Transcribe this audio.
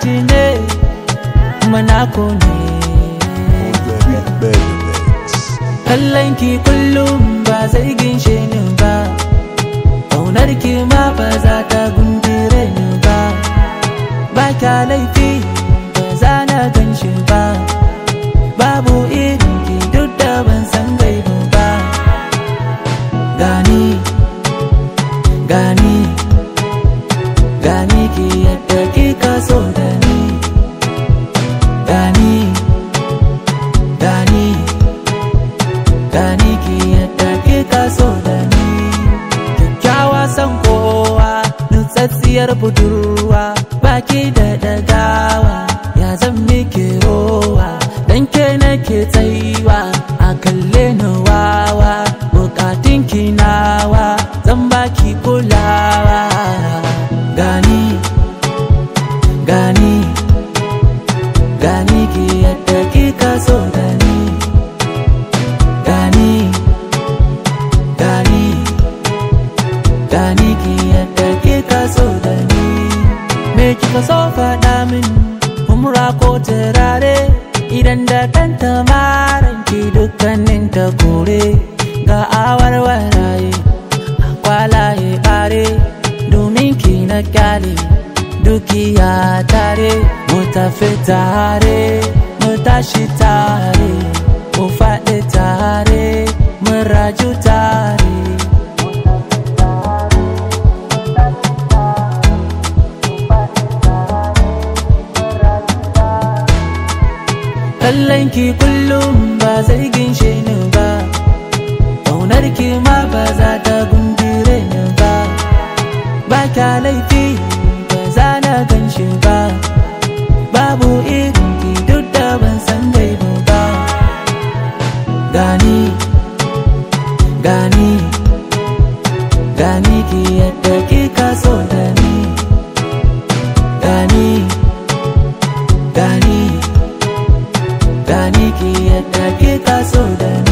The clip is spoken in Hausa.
Kanji ne Manako ne Kallon ki kullum ba zai ginshe ni ba Kaunar ki ma ba za ta gundire ni ba Ba ka laifi ba za na ganshi ba Babu irin ki duk da ban san gaibu ba Gani, gani, gani ki yadda ki kaso diyar budurwa baki da dagawa ya zan mike rowa dan ke nake tsaiwa a kalle na wawa bukatun kinawa zan baki kulawa gani gani gani ki yadda kika so me kika so faɗa min umra ko turare idan da kan tamaran ki dukkanin ta kore ga awarwaraye kwalaye bare domin ki na kyale dukiya tare mu tafi tare mu tashi tare mu faɗi tare kallon ki kullum ba zai ginshe ni ba ƙaunar ki ma ba za ta gundire ni ba ba ka laifi ba za na ganshi ba babu irin ki duk da ban san dai ba gani gani yadda ke taso da